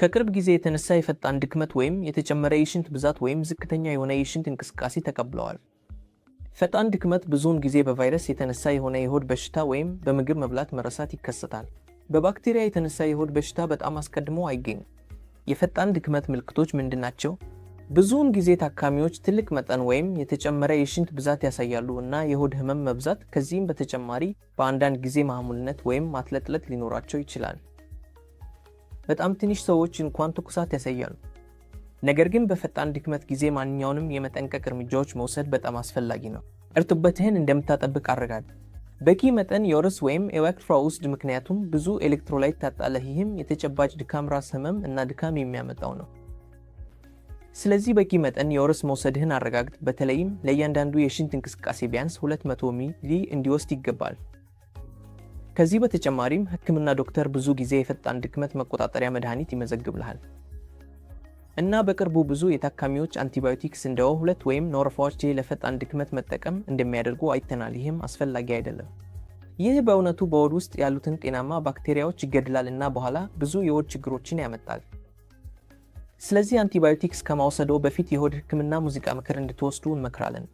ከቅርብ ጊዜ የተነሳ የፈጣን ድክመት ወይም የተጨመረ የሽንት ብዛት ወይም ዝቅተኛ የሆነ የሽንት እንቅስቃሴ ተቀብለዋል። ፈጣን ድክመት ብዙውን ጊዜ በቫይረስ የተነሳ የሆነ የሆድ በሽታ ወይም በምግብ መብላት መረሳት ይከሰታል። በባክቴሪያ የተነሳ የሆድ በሽታ በጣም አስቀድሞ አይገኝም። የፈጣን ድክመት ምልክቶች ምንድን ናቸው? ብዙውን ጊዜ ታካሚዎች ትልቅ መጠን ወይም የተጨመረ የሽንት ብዛት ያሳያሉ እና የሆድ ህመም መብዛት፣ ከዚህም በተጨማሪ በአንዳንድ ጊዜ ማህሙልነት ወይም ማትለጥለት ሊኖራቸው ይችላል። በጣም ትንሽ ሰዎች እንኳን ትኩሳት ያሳያሉ። ነገር ግን በፈጣን ድክመት ጊዜ ማንኛውንም የመጠንቀቅ እርምጃዎች መውሰድ በጣም አስፈላጊ ነው። እርጥበትህን እንደምታጠብቅ አረጋግጥ። በቂ መጠን የወርስ ወይም የዋክፍራ ውስድ ምክንያቱም ብዙ ኤሌክትሮላይት ታጣለህ። ይህም የተጨባጭ ድካም፣ ራስ ህመም እና ድካም የሚያመጣው ነው። ስለዚህ በቂ መጠን የወርስ መውሰድህን አረጋግጥ። በተለይም ለእያንዳንዱ የሽንት እንቅስቃሴ ቢያንስ 200 ሚሊ እንዲወስድ ይገባል። ከዚህ በተጨማሪም ህክምና ዶክተር ብዙ ጊዜ የፈጣን ድክመት መቆጣጠሪያ መድኃኒት ይመዘግብልሃል እና በቅርቡ ብዙ የታካሚዎች አንቲባዮቲክስ እንደ ሁለት ወይም ኖርፋዎች ለፈጣን ድክመት መጠቀም እንደሚያደርጉ አይተናል። ይህም አስፈላጊ አይደለም። ይህ በእውነቱ በሆድ ውስጥ ያሉትን ጤናማ ባክቴሪያዎች ይገድላል እና በኋላ ብዙ የሆድ ችግሮችን ያመጣል። ስለዚህ አንቲባዮቲክስ ከማውሰዶ በፊት የሆድ ህክምና ሙዚቃ ምክር እንድትወስዱ እንመክራለን።